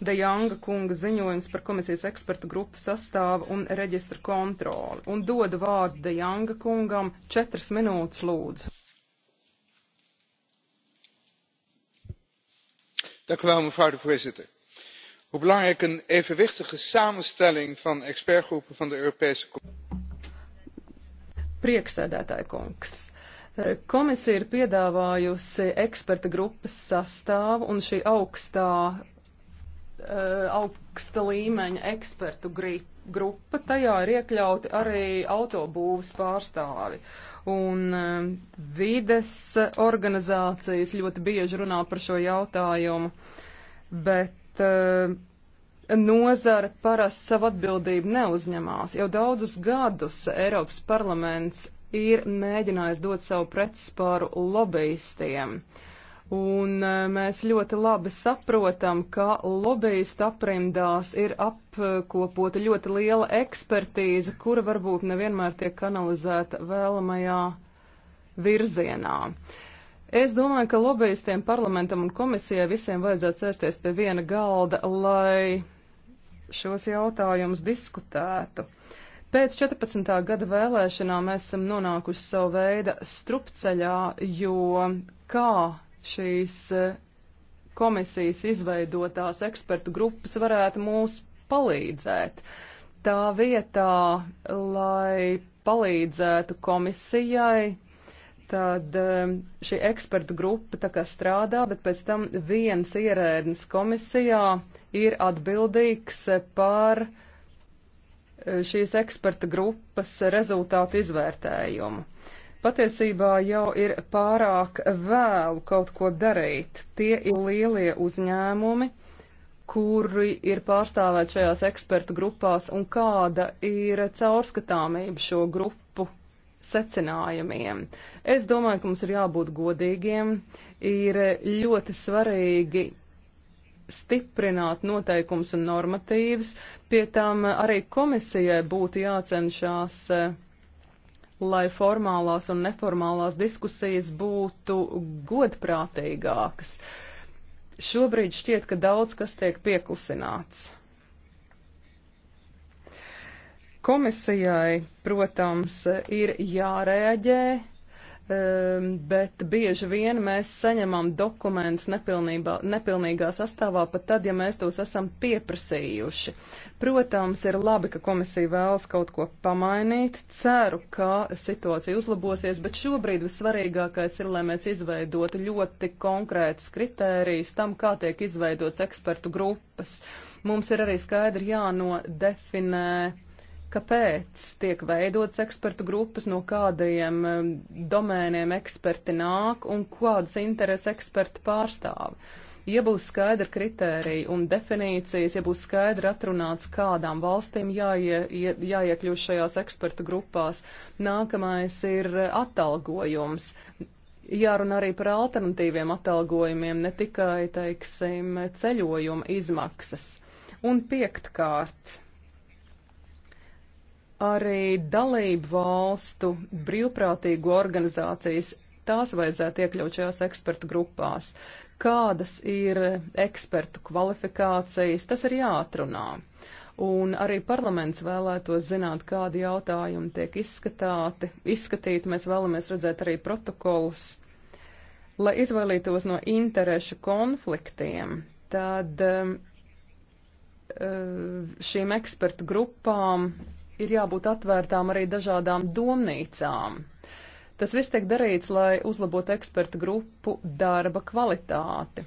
De Janga kunga ziņojums par komisijas ekspertu grupu sastāvu un reģistra kontroli. Un dodu vārdu De Janga kungam četras minūtes lūdzu. Dank u wel, mevrouw de voorzitter hoe belangrijk een evenwichtige samenstelling van expertgroepen van de Europese Commissie. Komisija ir piedāvājusi eksperta grupas sastāvu, un šī augstā Eh, augsta līmeņa ekspertu grupa. Tajā ir iekļauti arī autobūvas pārstāvi. Un eh, vides organizācijas ļoti bieži runā par šo jautājumu, bet eh, nozara parasti savu atbildību neuzņemās. Jau daudzus gadus Eiropas parlaments ir mēģinājis dot savu pretspāru lobbyistiem. Uh, Un e, mēs ļoti labi saprotam, ka lobbyistu aprindās ir apkopota ļoti liela ekspertīze, kura varbūt nevienmēr tiek kanalizēta vēlamajā virzienā. Es domāju, ka lobbyistiem, parlamentam un komisijai visiem vajadzētu sēsties pie viena galda, lai šos jautājumus diskutētu. Pēc 14. gada vēlēšanām mēs esam nonākuši savu veidu strupceļā, jo kā šīs eh, komisijas izveidotās ekspertu grupas varētu mūs palīdzēt. Tā vietā, lai palīdzētu komisijai, tad eh, šī ekspertu grupa tā kā strādā, bet pēc tam viens ierēdnis komisijā ir atbildīgs eh, par šīs eksperta grupas rezultātu izvērtējumu. Patiesībā jau ir pārāk vēlu kaut ko darīt. Tie ir lielie uzņēmumi, kuri ir pārstāvēti šajās ekspertu grupās un kāda ir caurskatāmība šo grupu secinājumiem. Es domāju, ka mums ir jābūt godīgiem, ir ļoti svarīgi stiprināt noteikums un normatīvas, pie tam arī komisijai būtu jācenšās uh, eh, lai formālās un neformālās diskusijas būtu godprātīgākas. Šobrīd šķiet, ka daudz kas tiek pieklusināts. Komisijai, protams, ir jārēģē, Ehm, bet bieži vien mēs saņemam dokumentus nepilnīgā sastāvā pat tad, ja mēs tos esam pieprasījuši. Protams, ir labi, ka komisija vēlas kaut ko pamainīt. Ceru, ka situācija uzlabosies, bet šobrīd vissvarīgākais ir, lai mēs izveidotu ļoti konkrētus kritērijus tam, kā tiek izveidots ekspertu grupas. Mums ir arī skaidri jānodefinē kāpēc tiek veidotas ekspertu grupas, no kādiem um, domēniem eksperti nāk un kādas intereses eksperti pārstāv. Ja būs skaidra kritērija un definīcijas, ja būs skaidri atrunāts, kādām valstīm jāie, jāiekļūst šajās ekspertu grupās, nākamais ir atalgojums. Jārunā arī par alternatīviem atalgojumiem, ne tikai, teiksim, ceļojuma izmaksas. Un piektkārt, arī dalību valstu brīvprātīgo organizācijas. Tās vajadzētu iekļaut šajās ekspertu grupās. Kādas ir ekspertu kvalifikācijas, tas ir jāatrunā. Un arī parlaments vēlētos zināt, kādi jautājumi tiek izskatāti, izskatīti. Mēs vēlamies redzēt arī protokolus. Lai izvairītos no interešu konfliktiem, tad eh, šīm ekspertu grupām ir jābūt atvērtām arī dažādām domnīcām. Tas viss tiek darīts, lai uzlabotu ekspertu grupu darba kvalitāti.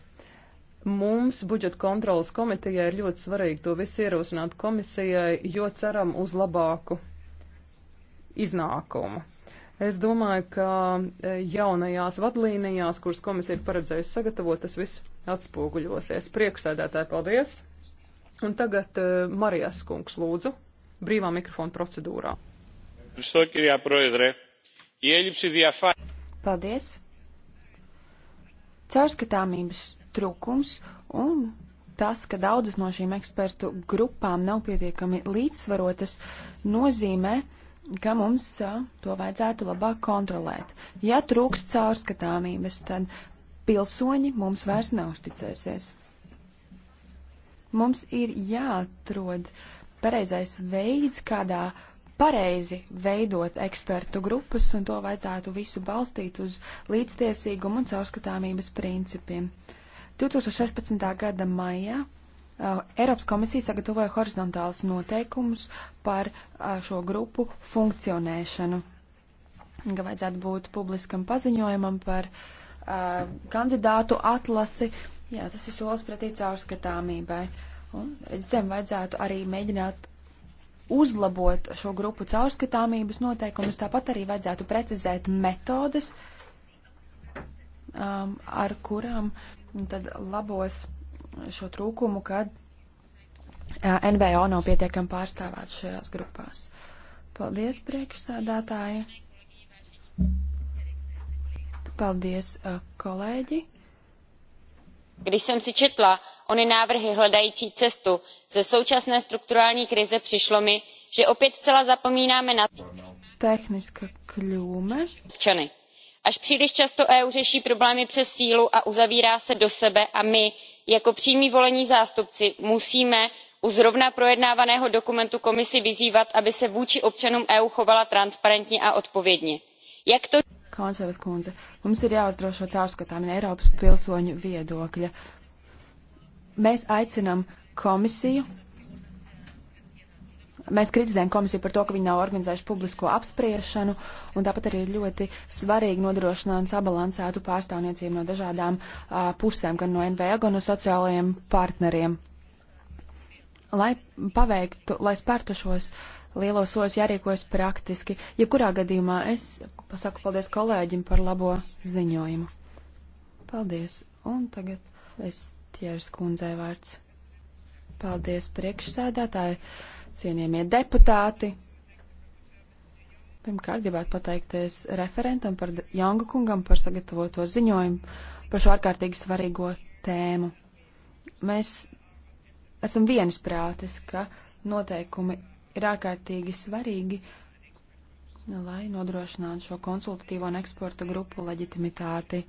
Mums budžeta kontrolas komitejai ir ļoti svarīgi to visu ierosināt komisijai, jo ceram uz labāku iznākumu. Es domāju, ka e, jaunajās vadlīnijās, kuras komisija ir paredzējusi sagatavot, tas viss atspoguļosies. Prieksēdētāji, paldies! Un tagad uh, Marijas kungs lūdzu brīvā mikrofona procedūrā. Paldies! Caurskatāmības trūkums un tas, ka daudzas no šīm ekspertu grupām nav pietiekami līdzsvarotas, nozīmē, ka mums a, to vajadzētu labāk kontrolēt. Ja trūks caurskatāmības, tad pilsoņi mums vairs neusticēsies. Mums ir jāatrod uh, pareizais veids, kādā pareizi veidot ekspertu grupas, un to vajadzētu visu balstīt uz līdztiesīgumu un caurskatāmības principiem. 2016. gada maijā uh, Eiropas komisija sagatavoja horizontālus noteikumus par uh, šo grupu funkcionēšanu, ka vajadzētu būt publiskam paziņojumam par uh, kandidātu atlasi. Jā, tas ir solis pretī caurskatāmībai. Uh, Un zem vajadzētu arī mēģināt uzlabot šo grupu caurskatāmības noteikumus, tāpat arī vajadzētu precizēt metodes, um, ar kurām tad labos šo trūkumu, kad uh, NVO nav pietiekami pārstāvāt šajās grupās. Paldies, priekšsādātāji! Paldies, uh, kolēģi! Když jsem si četla ony návrhy hledající cestu ze současné strukturální krize přišlo mi že opět zcela zapomínáme na občany. až příliš často eu řeší problémy přes sílu a uzavírá se do sebe a my jako přímí volení zástupci musíme u zrovna projednávaného dokumentu komisi vyzývat aby se vůči občanům eu chovala transparentně a odpovědně. jak to. Kanceleres kundze, mums ir jāuzdrošina caurskatāmība Eiropas pilsoņu viedokļa. Mēs aicinam komisiju. Mēs kritizējam komisiju par to, ka viņi nav organizējuši publisko apspriešanu, un tāpat arī ir ļoti svarīgi nodrošināt sabalansētu pārstāvniecību no dažādām uh, pusēm, gan no NVO, gan no sociālajiem partneriem. Lai paveiktu, lai spērtu šos uh, lielos soļos jārīkojas praktiski. Jebkurā gadījumā es pasaku paldies kolēģim par labo ziņojumu. Paldies. Un tagad es Matiežas kundzei vārds. Paldies priekšsēdētāji, cienījamie deputāti. Pirmkārt, gribētu pateikties referentam par Jangu kungam par sagatavoto ziņojumu par šo ārkārtīgi svarīgo tēmu. Mēs esam viensprātis, ka noteikumi ir ārkārtīgi svarīgi, lai nodrošinātu šo konsultatīvo un eksporta grupu leģitimitāti.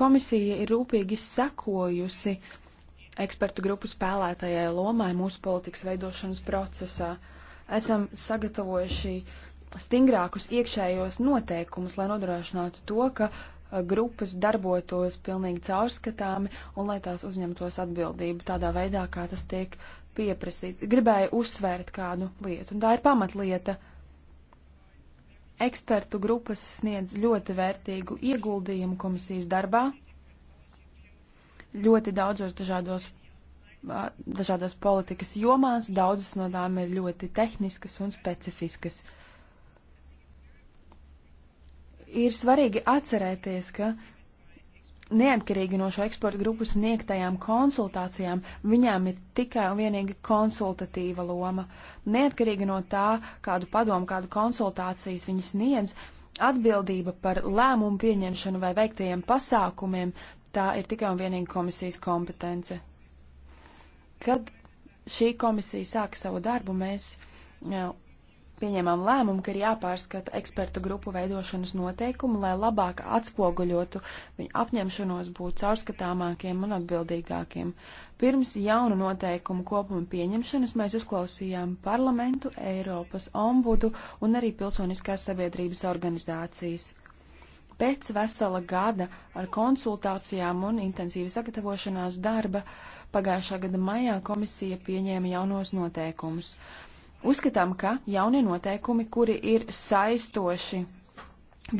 Komisija ir rūpīgi sekojusi ekspertu grupu spēlētajai lomai mūsu politikas veidošanas procesā. Esam sagatavojuši stingrākus iekšējos noteikumus, lai nodrošinātu to, ka grupas darbotos pilnīgi caurskatāmi un lai tās uzņemtos atbildību tādā veidā, kā tas tiek pieprasīts. Gribēju uzsvērt kādu lietu, un tā ir pamatlieta Ekspertu grupas sniedz ļoti vērtīgu ieguldījumu komisijas darbā, ļoti daudzos dažādos, dažādos politikas jomās, daudzas no tām ir ļoti tehniskas un specifiskas. Ir svarīgi atcerēties, ka neatkarīgi no šo eksporta grupu sniegtajām konsultācijām, viņām ir tikai un vienīgi konsultatīva loma. Neatkarīgi no tā, kādu padomu, kādu konsultācijas viņi sniedz, atbildība par lēmumu pieņemšanu vai veiktajiem pasākumiem, tā ir tikai un vienīgi komisijas kompetence. Kad šī komisija sāka savu darbu, mēs jau, pieņēmām lēmumu, ka ir jāpārskata ekspertu grupu veidošanas noteikumi, lai labāk atspoguļotu viņu apņemšanos būt caurskatāmākiem un atbildīgākiem. Pirms jaunu noteikumu kopuma pieņemšanas mēs uzklausījām parlamentu, Eiropas ombudu un arī pilsoniskās sabiedrības organizācijas. Pēc vesela gada ar konsultācijām un intensīvi sagatavošanās darba pagājušā gada maijā komisija pieņēma jaunos noteikumus. Uzskatām, ka jaunie noteikumi, kuri ir saistoši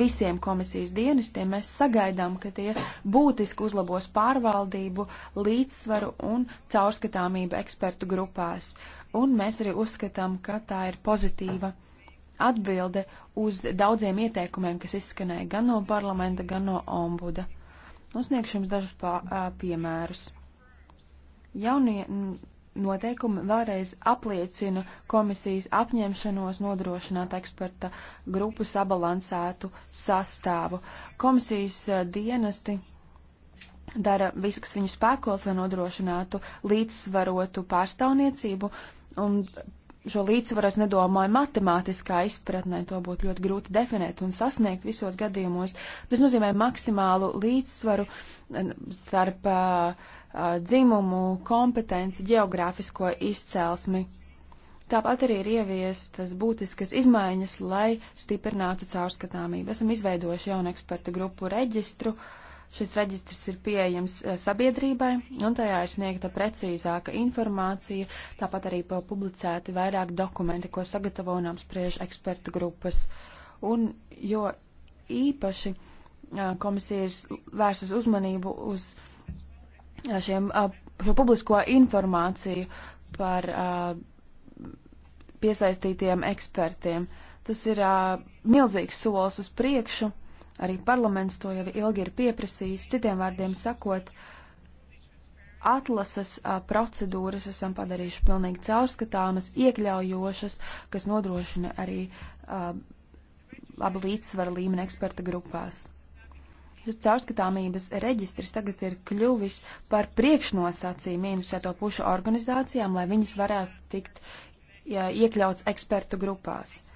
visiem komisijas dienestiem, mēs sagaidām, ka tie būtiski uzlabos pārvaldību, līdzsvaru un caurskatāmību ekspertu grupās. Un mēs arī uzskatām, ka tā ir pozitīva atbilde uz daudziem ieteikumiem, kas izskanēja gan no parlamenta, gan no ombuda. Uzniegšu nu, jums dažus pā, piemērus. Jaunie noteikumi vēlreiz apliecina komisijas apņemšanos nodrošināt eksperta grupu sabalansētu sastāvu. Komisijas eh, dienesti dara visu, kas viņu spēkos, lai nodrošinātu līdzsvarotu pārstāvniecību un šo līdzsvaru es nedomāju matemātiskā izpratnē, to būtu ļoti grūti definēt un sasniegt visos gadījumos. Tas nozīmē maksimālu līdzsvaru starp uh, dzimumu, kompetenci, geogrāfisko izcelsmi. Tāpat arī ir ieviestas būtiskas izmaiņas, lai stiprinātu caurskatāmību. Esam izveidojuši jaunu ekspertu grupu reģistru. Uh, Šis reģistrs ir pieejams eh, sabiedrībai, un tajā ir sniegta precīzāka informācija, tāpat arī publicēti vairāk dokumenti, ko sagatavo un apspriež ekspertu grupas. Un jo īpaši eh, komisija ir vērsus uzmanību uz eh, šiem, šo publisko informāciju par piesaistītiem ekspertiem. Tas ir milzīgs solis uz priekšu Arī parlaments to jau ilgi ir pieprasījis. Citiem vārdiem sakot, atlases a, procedūras esam padarījuši pilnīgi caurskatāmas, iekļaujošas, kas nodrošina arī a, labu līdzsvaru līmeni eksperta grupās. Šis caurskatāmības reģistrs tagad ir kļuvis par priekšnosacījumu interesēto pušu organizācijām, lai viņas varētu tikt ja, iekļauts ekspertu grupās. Uh,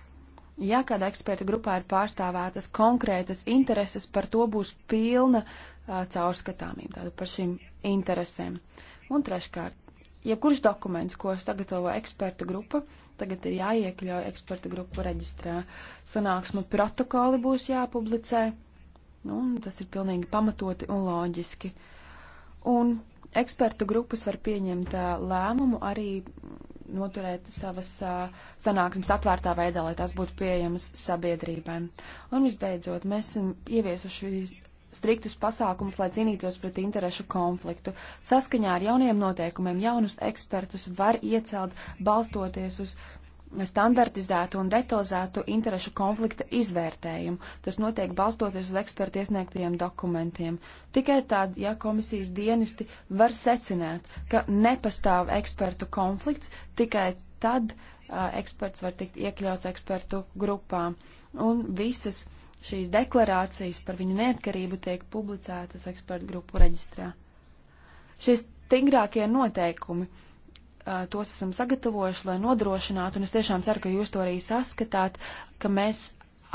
Ja kāda eksperta grupā ir pārstāvētas konkrētas intereses, par to būs pilna uh, caurskatāmība tādu par šīm interesēm. Un treškārt, jebkurš dokuments, ko sagatavo eksperta grupa, tagad ir jāiekļauj eksperta grupu reģistrā. Sanāksmu protokoli būs jāpublicē. Nu, tas ir pilnīgi pamatoti un loģiski. Un ekspertu grupas var pieņemt lēmumu arī noturēt savas uh, sanāksmes atvērtā veidā, lai tās būtu pieejamas sabiedrībai. Un visbeidzot, mēs esam ieviesuši striktus pasākumus, lai cīnītos pret interešu konfliktu. Saskaņā ar jauniem noteikumiem jaunus ekspertus var iecelt balstoties uz standartizētu un detalizētu interešu konflikta izvērtējumu. Tas notiek balstoties uz ekspertu iesniegtajiem dokumentiem. Tikai tad, ja komisijas dienesti var secināt, ka nepastāv ekspertu konflikts, tikai tad uh, eksperts var tikt iekļauts ekspertu grupā. Un visas šīs deklarācijas par viņu neatkarību tiek publicētas ekspertu grupu reģistrā. Šie stingrākie noteikumi tos esam sagatavojuši, lai nodrošinātu, un es tiešām ceru, ka jūs to arī saskatāt, ka mēs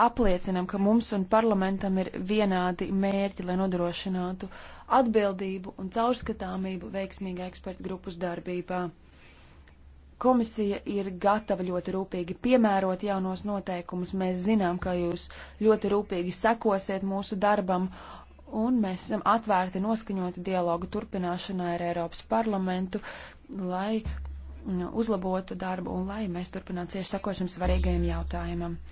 apliecinam, ka mums un parlamentam ir vienādi mērķi, lai nodrošinātu atbildību un caurskatāmību veiksmīgā ekspertu grupas darbībā. Komisija ir gatava ļoti rūpīgi piemērot jaunos noteikumus. Mēs zinām, ka jūs ļoti rūpīgi sekosiet mūsu darbam, un mēs esam atvērti noskaņoti dialogu turpināšanai ar Eiropas parlamentu, lai mm, uzlabotu darbu un lai mēs turpinātu cieši sakošam svarīgajam jautājumam.